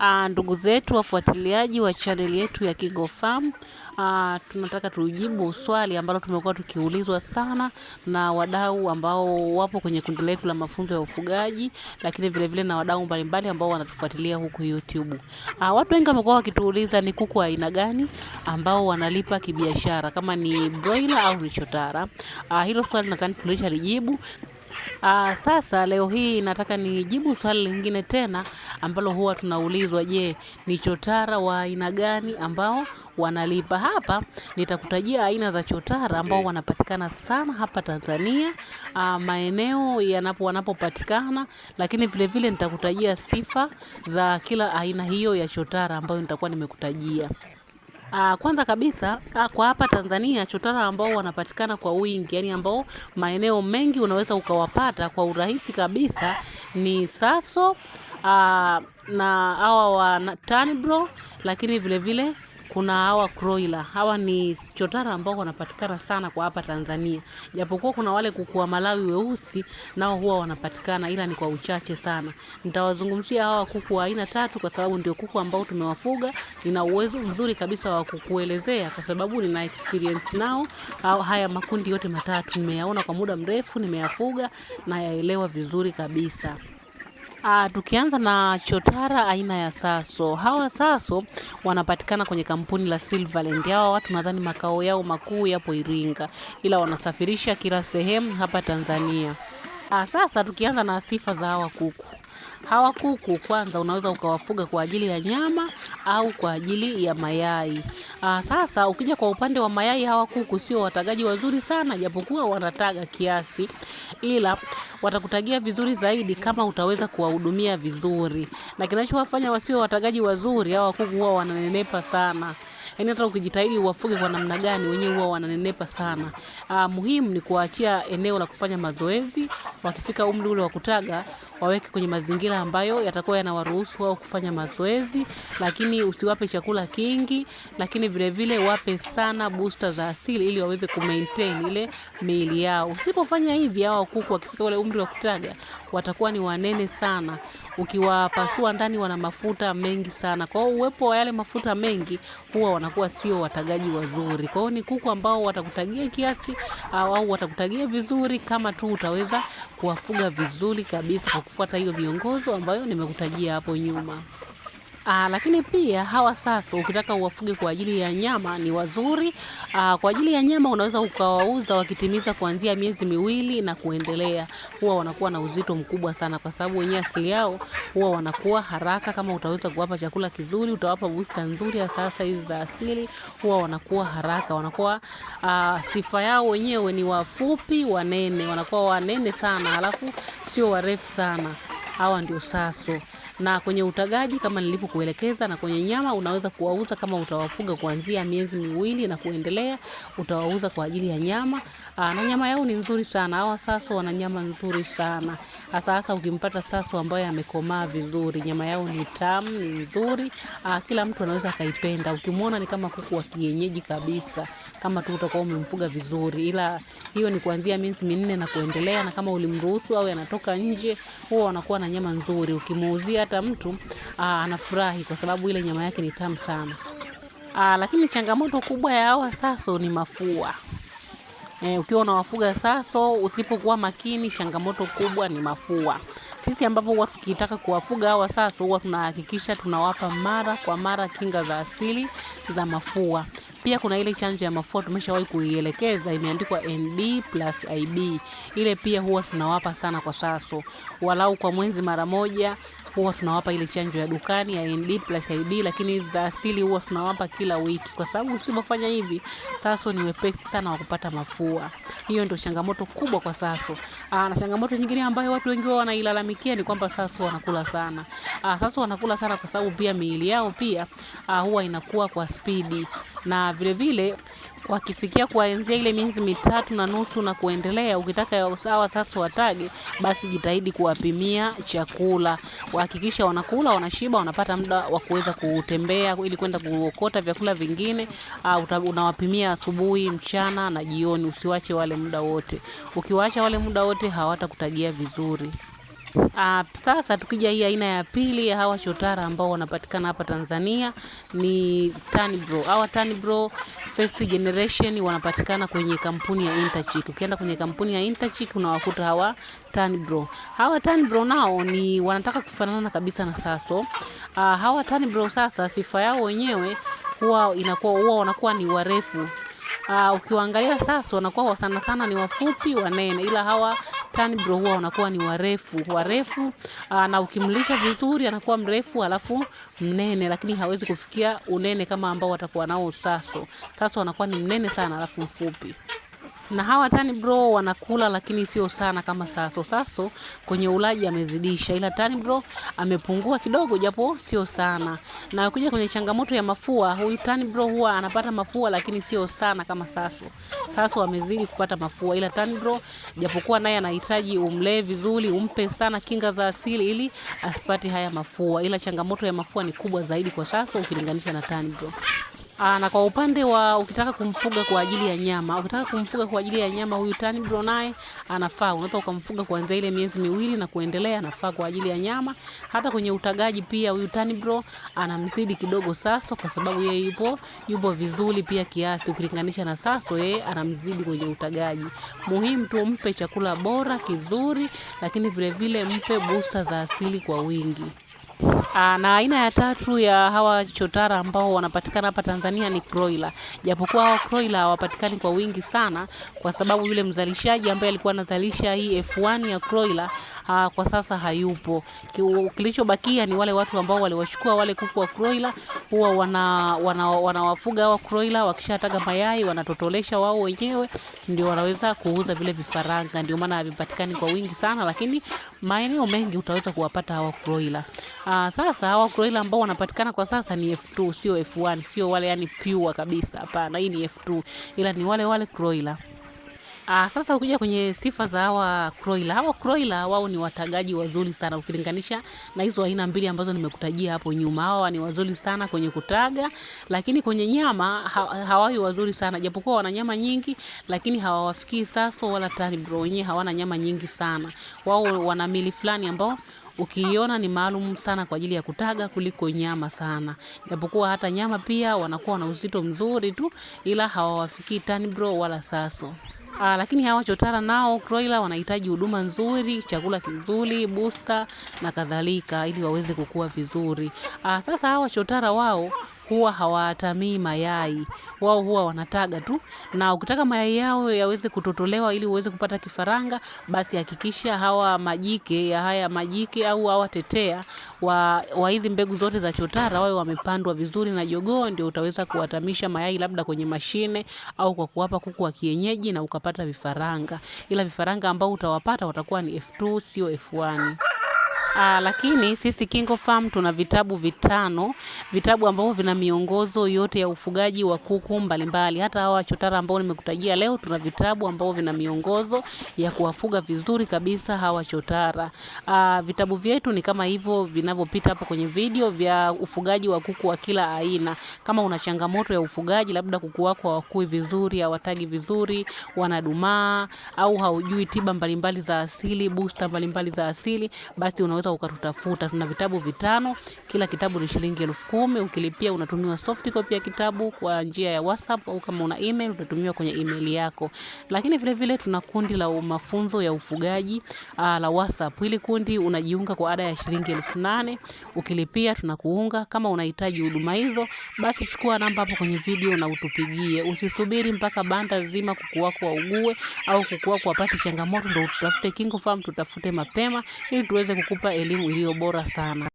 Uh, ndugu zetu wafuatiliaji wa chaneli yetu ya Kingo Farm uh, tunataka tujibu swali ambalo tumekuwa tukiulizwa sana na wadau ambao wapo kwenye kundi letu la mafunzo ya ufugaji, lakini vile vile na wadau mbalimbali ambao wanatufuatilia huku YouTube. Uh, watu wengi wamekuwa wakituuliza ni kuku aina gani ambao wanalipa kibiashara kama ni broiler au ni chotara. Uh, hilo swali nadhani tulishalijibu. Aa, ah, sasa leo hii nataka nijibu swali lingine tena ambalo huwa tunaulizwa, je, ni chotara wa aina gani ambao wanalipa? Hapa nitakutajia aina za chotara ambao wanapatikana sana hapa Tanzania, aa, ah, maeneo yanapo wanapopatikana, lakini vile vile nitakutajia sifa za kila aina hiyo ya chotara ambayo nitakuwa nimekutajia. Uh, kwanza kabisa ah, kwa hapa Tanzania chotara ambao wanapatikana kwa wingi, yani ambao maeneo mengi unaweza ukawapata kwa urahisi kabisa ni Saso uh, na hawa wa Tanbro, lakini vilevile vile, kuna hawa kroila. Hawa ni chotara ambao wanapatikana sana kwa hapa Tanzania, japokuwa kuna wale kuku wa Malawi weusi nao huwa wanapatikana, ila ni kwa uchache sana. Nitawazungumzia hawa kuku wa aina tatu, kwa sababu ndio kuku ambao tumewafuga. Nina uwezo mzuri kabisa wa kukuelezea, kwa sababu nina experience nao. Haya makundi yote matatu nimeyaona kwa muda mrefu, nimeyafuga na yaelewa vizuri kabisa. Aa, ah, tukianza na chotara aina ya Saso. Hawa Saso wanapatikana kwenye kampuni la Silverland. Hawa watu nadhani makao yao makuu yapo Iringa, ila wanasafirisha kila sehemu hapa Tanzania. Aa, ah, sasa tukianza na sifa za hawa kuku Hawa kuku kwanza unaweza ukawafuga kwa ajili ya nyama au kwa ajili ya mayai. Aa, ah, sasa ukija kwa upande wa mayai hawa kuku sio watagaji wazuri sana japokuwa wanataga kiasi ila watakutagia vizuri zaidi kama utaweza kuwahudumia vizuri. Na kinachowafanya wasio watagaji wazuri hawa kuku huwa wananenepa sana yani hata ukijitahidi uwafuge kwa namna gani, wenyewe huwa wananenepa sana. Aa, ah, muhimu ni kuwaachia eneo la kufanya mazoezi, wakifika umri ule wa kutaga waweke kwenye mazingira ambayo yatakuwa yanawaruhusu wao kufanya mazoezi, lakini usiwape chakula kingi, lakini vile vile wape sana booster za asili ili waweze kumaintain ile miili yao. Usipofanya hivi, hao kuku wakifika ule umri wa kutaga watakuwa ni wanene sana ukiwapasua ndani wana mafuta mengi sana. Kwa hiyo uwepo wa yale mafuta mengi huwa wanakuwa sio watagaji wazuri. Kwa hiyo ni kuku ambao watakutagia kiasi au watakutagia vizuri kama tu utaweza kuwafuga vizuri kabisa kwa kufuata hiyo miongozo ambayo nimekutajia hapo nyuma. Aa, ah, lakini pia hawa sasa ukitaka uwafuge kwa ajili ya nyama ni wazuri. Aa, ah, kwa ajili ya nyama unaweza ukawauza wakitimiza kuanzia miezi miwili na kuendelea. Huwa wanakuwa na uzito mkubwa sana kwa sababu wenye asili yao huwa wanakuwa haraka. Kama utaweza kuwapa chakula kizuri, utawapa booster nzuri ya sasa hizi za asili, huwa wanakuwa haraka. Wanakuwa aa, ah, sifa yao wenyewe ni wafupi wanene, wanakuwa wanene sana, alafu sio warefu sana. Hawa ndio saso na kwenye utagaji kama nilivyokuelekeza, na kwenye nyama unaweza kuwauza kama utawafuga kuanzia miezi miwili na kuendelea, utawauza kwa ajili ya nyama. Aa, ah, na nyama yao ni nzuri sana. Hawa saso wana nyama nzuri sana hasa hasa ukimpata saso ambaye amekomaa vizuri, nyama yao ni tamu, ni nzuri. Aa, ah, kila mtu anaweza akaipenda. Ukimwona ni kama kuku wa kienyeji kabisa, kama tu utakuwa umemfuga vizuri, ila hiyo ni kuanzia miezi minne na kuendelea, na kama ulimruhusu au anatoka nje, huwa wanakuwa na nyama nzuri ukimuuzia ukipata mtu aa, ah, anafurahi kwa sababu ile nyama yake ni tamu sana. Aa, ah, lakini changamoto kubwa ya hawa saso ni mafua. E, ukiwa unawafuga saso usipokuwa makini, changamoto kubwa ni mafua. Sisi ambavyo huwa tukitaka kuwafuga hawa saso huwa tunahakikisha tunawapa mara kwa mara kinga za asili za mafua. Pia kuna ile chanjo ya mafua tumeshawahi kuielekeza, imeandikwa ND plus IB. Ile pia huwa tunawapa sana kwa saso, walau kwa mwezi mara moja huwa tunawapa ile chanjo ya dukani ya ND plus ID, lakini za asili huwa tunawapa kila wiki, kwa sababu usipofanya hivi saso ni wepesi sana wa kupata mafua. Hiyo ndio changamoto kubwa kwa saso. Aa, ah, na changamoto nyingine ambayo watu wengi wanailalamikia ni kwamba saso wanakula sana. Aa, ah, saso wanakula sana kwa sababu pia miili yao pia aa, ah, huwa inakuwa kwa spidi na vilevile wakifikia kuanzia ile miezi mitatu na nusu na kuendelea, ukitaka sawa sasa watage, basi jitahidi kuwapimia chakula, wahakikisha wanakula, wanashiba, wanapata muda wa kuweza kutembea ili kwenda kuokota vyakula vingine. Ah, unawapimia asubuhi, mchana na jioni, usiwache wale muda wote. Ukiwaacha wale muda wote hawatakutagia vizuri. Uh, sasa tukija hii aina ya pili ya hawa chotara ambao wanapatikana hapa Tanzania ni Tanbro. Hawa Tanbro first generation wanapatikana kwenye kampuni ya Interchick. Ukienda kwenye kampuni ya Interchick unawakuta hawa Tanbro. Hawa Tanbro nao ni wanataka kufanana kabisa na Saso. Uh, ah, hawa Tanbro sasa sifa yao wenyewe huwa inakuwa huwa wanakuwa ni warefu. Uh, ukiwaangalia Saso wanakuwa sana sana ni wafupi wanene, ila hawa Tanbro huwa wanakuwa ni warefu warefu, ah, na ukimlisha vizuri anakuwa mrefu alafu mnene, lakini hawezi kufikia unene kama ambao watakuwa nao Saso. Saso anakuwa ni mnene sana alafu mfupi na hawa tani bro wanakula, lakini sio sana kama Saso. Saso kwenye ulaji amezidisha, ila tani bro amepungua kidogo, japo sio sana. Na kuja kwenye changamoto ya mafua, huyu tani bro huwa anapata mafua, lakini sio sana kama Saso. Saso amezidi kupata mafua, ila tani bro japokuwa naye anahitaji umlee vizuri, umpe sana kinga za asili ili asipate haya mafua, ila changamoto ya mafua ni kubwa zaidi kwa Saso ukilinganisha na tani bro. Aa, ah, na kwa upande wa ukitaka kumfuga kwa ajili ya nyama, ukitaka kumfuga kwa ajili ya nyama huyu tani bro naye anafaa. Unaweza ukamfuga kuanzia ile miezi miwili na kuendelea, anafaa kwa ajili ya nyama. Hata kwenye utagaji pia huyu tani bro anamzidi kidogo Saso kwa sababu yeye yupo yupo vizuri pia kiasi ukilinganisha na Saso, yeye anamzidi kwenye utagaji. Muhimu tu mpe chakula bora kizuri, lakini vile vile mpe booster za asili kwa wingi. Aa, ah, na aina ya tatu ya hawa chotara ambao wanapatikana hapa Tanzania ni kroila. Japokuwa hawa kroila hawapatikani kwa wingi sana, kwa sababu yule mzalishaji ambaye alikuwa anazalisha hii F1 ya kroila aa, ah, kwa sasa hayupo. Kilichobakia ni wale watu ambao waliwashukua wale kuku wa kroila, huwa wanawafuga wana, wana hawa kroila, wakishataga mayai wanatotolesha wao wenyewe, ndio wanaweza kuuza vile vifaranga. Ndio maana havipatikani kwa wingi sana, lakini maeneo mengi utaweza kuwapata hawa kroila. Aa, ah, sasa hawa kroila ambao wanapatikana kwa sasa ni F2 sio F1, sio wale yani pure kabisa. Hapana, hii ni F2 ila ni wale wale kroila. Aa, ah, sasa ukija kwenye sifa za hawa kroila, Hawa kroila wao ni watagaji wazuri sana ukilinganisha na hizo aina mbili ambazo nimekutajia hapo nyuma. Hawa ni wazuri sana kwenye kutaga, lakini kwenye nyama hawawi wazuri sana. Japokuwa wana nyama nyingi, lakini hawawafikii sasa wala tani bro wenyewe hawana nyama nyingi sana. Wao wana mili fulani ambao ukiiona ni maalum sana kwa ajili ya kutaga kuliko nyama sana, japokuwa hata nyama pia wanakuwa na uzito mzuri tu, ila hawawafikii Tanbro wala Saso. Aa, ah, lakini hawa chotara nao kroila wanahitaji huduma nzuri, chakula kizuri, booster na kadhalika ili waweze kukua vizuri. Aa, ah, sasa hawa chotara wao huwa hawatamii mayai, wao huwa wanataga tu, na ukitaka mayai yao yaweze kutotolewa ili uweze kupata kifaranga, basi hakikisha hawa majike ya haya majike au hawa tetea wa, wa hizi mbegu zote za chotara wawe wamepandwa vizuri na jogoo, ndio utaweza kuwatamisha mayai labda kwenye mashine au kwa kuwapa kuku wa kienyeji na ukapata vifaranga, ila vifaranga ambao utawapata watakuwa ni F2 sio F1. Aa, ah, lakini sisi Kingo Farm tuna vitabu vitano, vitabu ambavyo vina miongozo yote ya ufugaji wa kuku mbalimbali. Hata hawa chotara ambao nimekutajia leo, tuna vitabu ambavyo vina miongozo ya kuwafuga vizuri kabisa hawa chotara. Aa, ah, vitabu vyetu ni kama hivyo vinavyopita hapo kwenye video vya ufugaji wa kuku wa kila aina. Kama una changamoto ya ufugaji, labda kuku wako hawakui vizuri, hawatagi vizuri, wanadumaa au haujui tiba mbalimbali mbali za asili, booster mbalimbali mbali za asili, basi una unaweza ukatutafuta. Tuna vitabu vitano, kila kitabu ni shilingi elfu kumi. Ukilipia unatumiwa soft copy ya kitabu kwa njia ya WhatsApp au kama una email utatumiwa kwenye email yako. Lakini vile vile tuna kundi la mafunzo ya ufugaji uh, la WhatsApp. Hili kundi unajiunga kwa ada ya shilingi elfu nane. Ukilipia tunakuunga. Kama unahitaji huduma hizo, basi chukua namba hapo kwenye video na utupigie. Usisubiri mpaka banda zima kuku wako waugue au kuku wako wapate changamoto ndio tutafute KingoFarm, tutafute mapema ili tuweze kukupa kutupa elimu iliyo bora sana.